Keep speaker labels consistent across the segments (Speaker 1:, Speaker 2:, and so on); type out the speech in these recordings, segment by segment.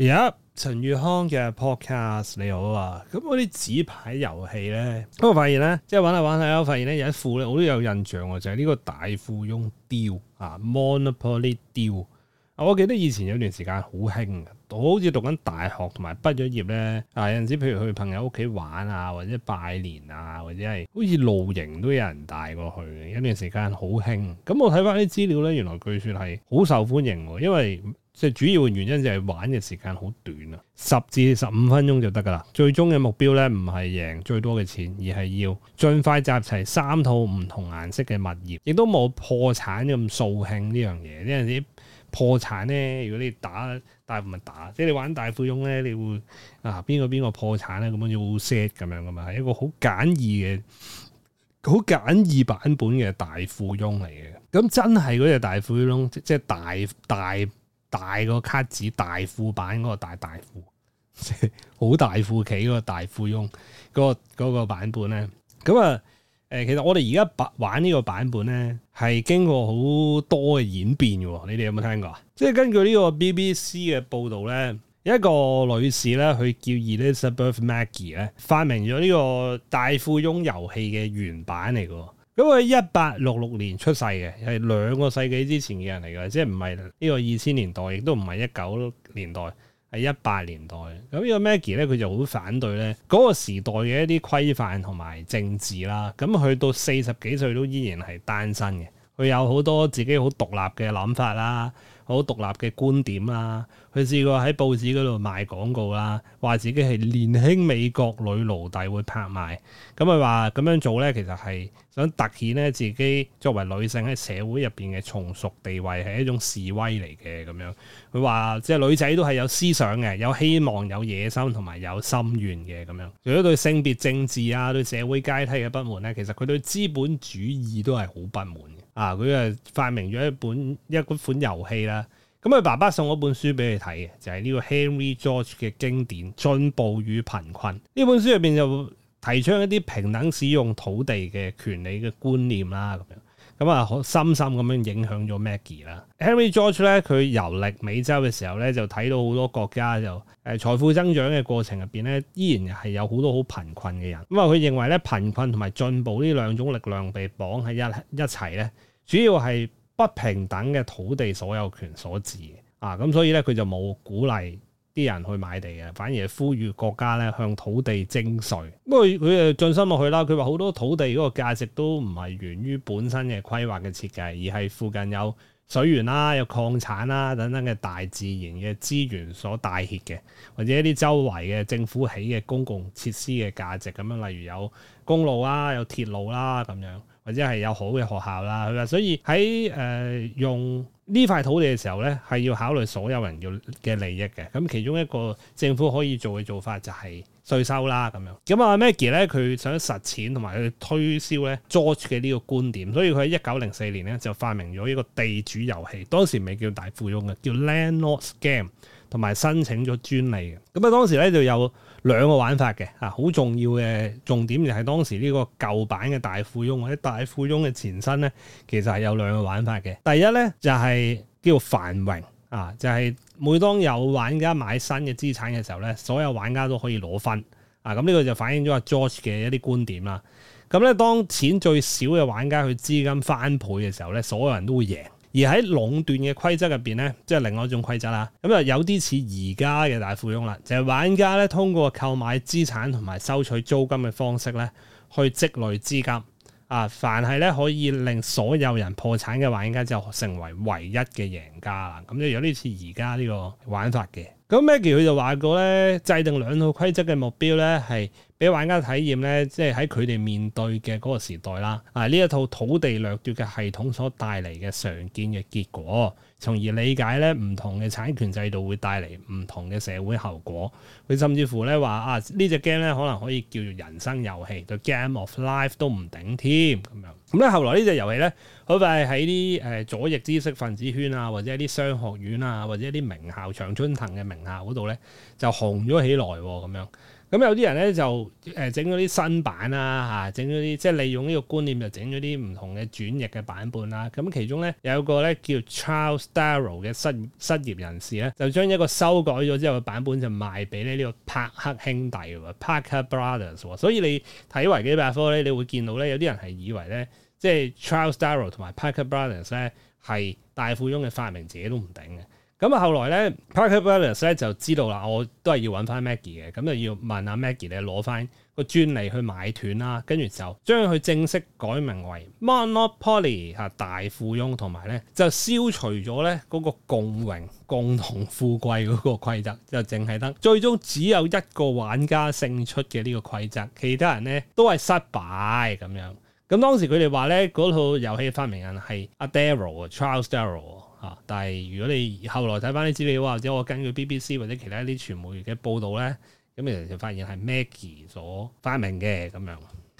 Speaker 1: 而家、yeah, 陳宇康嘅 podcast 你好啊，咁嗰啲紙牌遊戲咧，都發現咧，即係玩下玩下我發現咧有一副咧，我都有印象喎，就係、是、呢個大富翁 Deal 啊，Monopoly Deal。我記得以前有段時間好興，我好似讀緊大學同埋畢咗業咧，啊有陣時譬如去朋友屋企玩啊，或者拜年啊，或者係好似露營都有人帶過去，有段時間好興。咁我睇翻啲資料咧，原來據說係好受歡迎，因為，即係主要嘅原因就係玩嘅時間好短啊，十至十五分鐘就得噶啦。最終嘅目標咧唔係贏最多嘅錢，而係要盡快集齊三套唔同顏色嘅物業，亦都冇破產咁掃興呢樣嘢。呢陣時破產咧，如果你打大富翁打，即係你玩大富翁咧，你會啊邊個邊個破產咧，咁樣好 sad 咁樣噶嘛，係一個好簡易嘅、好簡易版本嘅大富翁嚟嘅。咁真係嗰隻大富翁即係大大。大大個卡紙大富版嗰個大大富，好 大富企嗰、嗰個大富翁嗰個版本咧，咁啊誒，其實我哋而家玩呢個版本咧，係經過好多嘅演變嘅喎，你哋有冇聽過啊？即係根據呢個 BBC 嘅報導咧，一個女士咧，佢叫 Elizabeth Maggie 咧，發明咗呢個大富翁遊戲嘅原版嚟嘅。咁佢一八六六年出世嘅，係兩個世紀之前嘅人嚟嘅，即係唔係呢個二千年代，亦都唔係一九年代，係一八年代。咁呢個 Maggie 咧，佢就好反對咧嗰個時代嘅一啲規範同埋政治啦。咁去到四十幾歲都依然係單身嘅，佢有好多自己好獨立嘅諗法啦，好獨立嘅觀點啦。佢試過喺報紙嗰度賣廣告啦，話自己係年輕美國女奴隸會拍賣。咁佢話咁樣做咧，其實係。想突顯咧自己作為女性喺社會入邊嘅從屬地位係一種示威嚟嘅咁樣，佢話即係女仔都係有思想嘅，有希望，有野心，同埋有心願嘅咁樣。除咗對性別政治啊，對社會階梯嘅不滿咧，其實佢對資本主義都係好不滿嘅。啊，佢啊發明咗一本一款遊戲啦。咁佢爸爸送咗本書俾佢睇嘅，就係呢個 Henry George 嘅經典《進步與貧困》呢本書入邊就。提倡一啲平等使用土地嘅權利嘅觀念啦，咁樣咁啊，深深咁樣影響咗 Maggie 啦。Henry George 咧，佢遊歷美洲嘅時候咧，就睇到好多國家就誒、呃、財富增長嘅過程入邊咧，依然係有好多好貧困嘅人。咁啊，佢認為咧貧困同埋進步呢兩種力量被綁喺一一齊咧，主要係不平等嘅土地所有權所致啊。咁所以咧，佢就冇鼓勵。啲人去買地嘅，反而係呼籲國家咧向土地徵稅。不過佢誒進深落去啦，佢話好多土地嗰個價值都唔係源於本身嘅規劃嘅設計，而係附近有水源啦、有礦產啦等等嘅大自然嘅資源所帶挈嘅，或者一啲周圍嘅政府起嘅公共設施嘅價值咁樣，例如有公路啦、有鐵路啦咁樣。或者係有好嘅學校啦，佢話，所以喺誒、呃、用呢塊土地嘅時候咧，係要考慮所有人要嘅利益嘅。咁其中一個政府可以做嘅做法就係稅收啦，咁樣。咁阿 Maggie 咧，佢想實踐同埋佢推銷咧 George 嘅呢個觀點，所以佢喺一九零四年咧就發明咗一個地主遊戲，當時未叫大富翁嘅，叫 Landlord's Game。同埋申請咗專利嘅，咁啊當時咧就有兩個玩法嘅，啊好重要嘅重點就係當時呢個舊版嘅大富翁或者大富翁嘅前身咧，其實係有兩個玩法嘅。第一咧就係叫做繁榮啊，就係每當有玩家買新嘅資產嘅時候咧，所有玩家都可以攞分啊。咁呢個就反映咗阿 George 嘅一啲觀點啦。咁咧當錢最少嘅玩家去資金翻倍嘅時候咧，所有人都會贏。而喺壟斷嘅規則入邊咧，即係另外一種規則啦。咁啊，有啲似而家嘅大富翁啦，就係玩家咧通過購買資產同埋收取租金嘅方式咧，去積累資金。啊！凡係咧可以令所有人破產嘅玩家就成為唯一嘅贏家啦。咁即有啲似而家呢個玩法嘅。咁 Maggie 佢就話過咧，制定兩套規則嘅目標咧係俾玩家體驗咧，即係喺佢哋面對嘅嗰個時代啦。啊，呢一套土地掠奪嘅系統所帶嚟嘅常見嘅結果。從而理解咧唔同嘅產權制度會帶嚟唔同嘅社會後果，佢甚至乎咧話啊，呢隻 game 咧可能可以叫做人生遊戲，個 Game of Life 都唔頂添咁樣。咁咧後來呢隻遊戲咧，好快喺啲誒左翼知識分子圈啊，或者一啲商學院啊，或者一啲名校長春藤嘅名校嗰度咧，就紅咗起來喎、啊、咁樣。咁、嗯、有啲人咧就誒整咗啲新版啦嚇，整咗啲即係利用呢個觀念就整咗啲唔同嘅轉譯嘅版本啦。咁、啊、其中咧有個咧叫 Charles Darrow 嘅失失業人士咧，就將一個修改咗之後嘅版本就賣俾呢呢、這個帕克兄弟、啊、Parker Brothers、啊。所以你睇維基百科咧，你會見到咧有啲人係以為咧，即係 Charles Darrow 同埋 Parker Brothers 咧係大富翁嘅發明者都唔定嘅。咁啊，後來咧，Parker Brothers 咧就知道啦，我都係要揾翻 Maggie 嘅，咁就要問阿 Maggie 咧攞翻個專利去買斷啦，跟住就將佢正式改名為 Monopoly 嚇大富翁，同埋咧就消除咗咧嗰個共榮共同富貴嗰個規則，就淨係得最終只有一個玩家勝出嘅呢個規則，其他人咧都係失敗咁樣。咁當時佢哋話咧，嗰套遊戲發明人係 Darrow，Charles Darrow。啊！但係如果你後來睇翻啲資料，或者我根據 BBC 或者其他啲傳媒嘅報道咧，咁其實就發現係 Maggie 所發明嘅咁樣。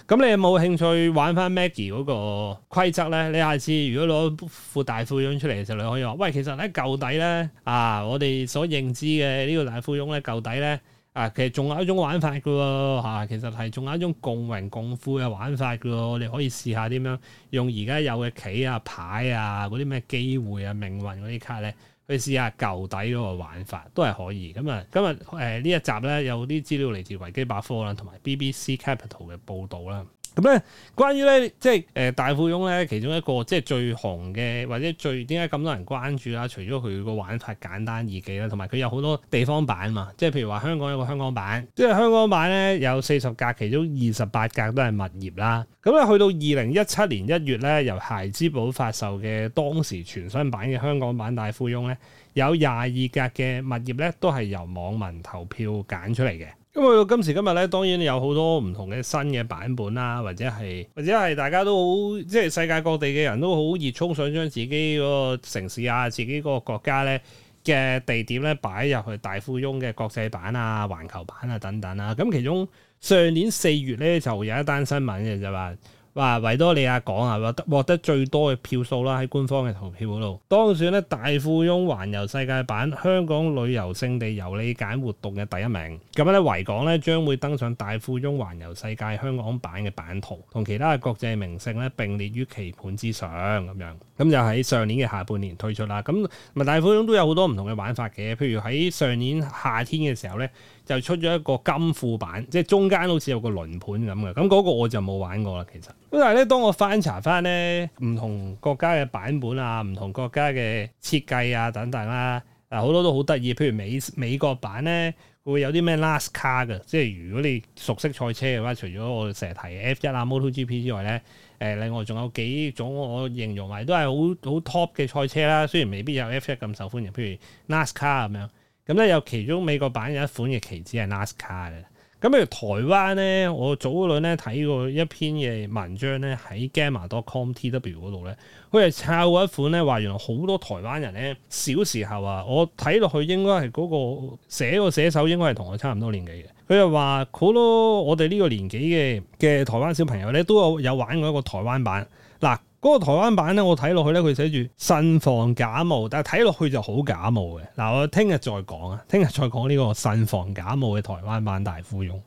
Speaker 1: 咁你有冇興趣玩翻 Maggie 嗰個規則咧？你下次如果攞副大富翁出嚟嘅時候，你可以話：喂，其實咧舊底咧啊，我哋所認知嘅呢個大富翁咧舊底咧。啊，其實仲有一種玩法嘅喎嚇。啊，其實係仲有一種共榮共富嘅玩法嘅喎，我哋可以試下點樣用而家有嘅棋啊牌啊嗰啲咩機會啊命運嗰啲卡咧，去試下舊底嗰個玩法都係可以。咁啊，今日誒呢一集咧有啲資料嚟自維基百科啦，同埋 BBC Capital 嘅報導啦。咁咧，關於咧，即係誒大富翁咧，其中一個即係最紅嘅，或者最點解咁多人關注啦？除咗佢個玩法簡單易記啦，同埋佢有好多地方版嘛，即係譬如話香港有一個香港版，即係香港版咧有四十格，其中二十八格都係物業啦。咁咧，去到二零一七年一月咧，由孩之寶發售嘅當時全新版嘅香港版大富翁咧，有廿二格嘅物業咧，都係由網民投票揀出嚟嘅。咁啊，今時今日咧，當然有好多唔同嘅新嘅版本啦，或者係或者係大家都好，即係世界各地嘅人都好熱衷想將自己嗰個城市啊、自己嗰個國家咧嘅地點咧擺入去大富翁嘅國際版啊、環球版啊等等啊。咁其中上年四月咧就有一單新聞嘅，就話。話維多利亞港啊，獲獲得最多嘅票數啦，喺官方嘅投票嗰度當選咧大富翁環遊世界版香港旅遊勝地由你揀活動嘅第一名，咁咧維港咧將會登上大富翁環遊世界香港版嘅版圖，同其他嘅國際名勝咧並列於棋盤之上咁樣。咁就喺上年嘅下半年推出啦，咁唔係大富翁都有好多唔同嘅玩法嘅，譬如喺上年夏天嘅時候咧，就出咗一個金庫版，即係中間好似有個輪盤咁嘅，咁、那、嗰個我就冇玩過啦，其實。咁但係咧，當我翻查翻咧唔同國家嘅版本啊，唔同國家嘅設計啊等等啦、啊。嗱，好、啊、多都好得意，譬如美美國版咧，會有啲咩 NASCAR 嘅，即係如果你熟悉賽車嘅話，除咗我成日提嘅 F1 啊、MotoGP 之外咧，誒、呃，另外仲有幾種我形容埋都係好好 top 嘅賽車啦。雖然未必有 F1 咁受歡迎，譬如 NASCAR 咁樣，咁咧有其中美國版有一款嘅旗子係 NASCAR 嘅。咁譬如台灣咧，我早嗰兩咧睇過一篇嘅文章咧，喺 gamma.com.tw 嗰度咧，佢係抄過一款咧，話原來好多台灣人咧，小時候啊，我睇落去應該係嗰個寫個寫手應該係同我差唔多年紀嘅，佢就話好多我哋呢個年紀嘅嘅台灣小朋友咧，都有有玩過一個台灣版嗱。嗰個台灣版咧，我睇落去咧，佢寫住慎防假冒，但係睇落去就好假冒嘅。嗱、啊，我聽日再講啊，聽日再講呢個慎防假冒嘅台灣版大富翁。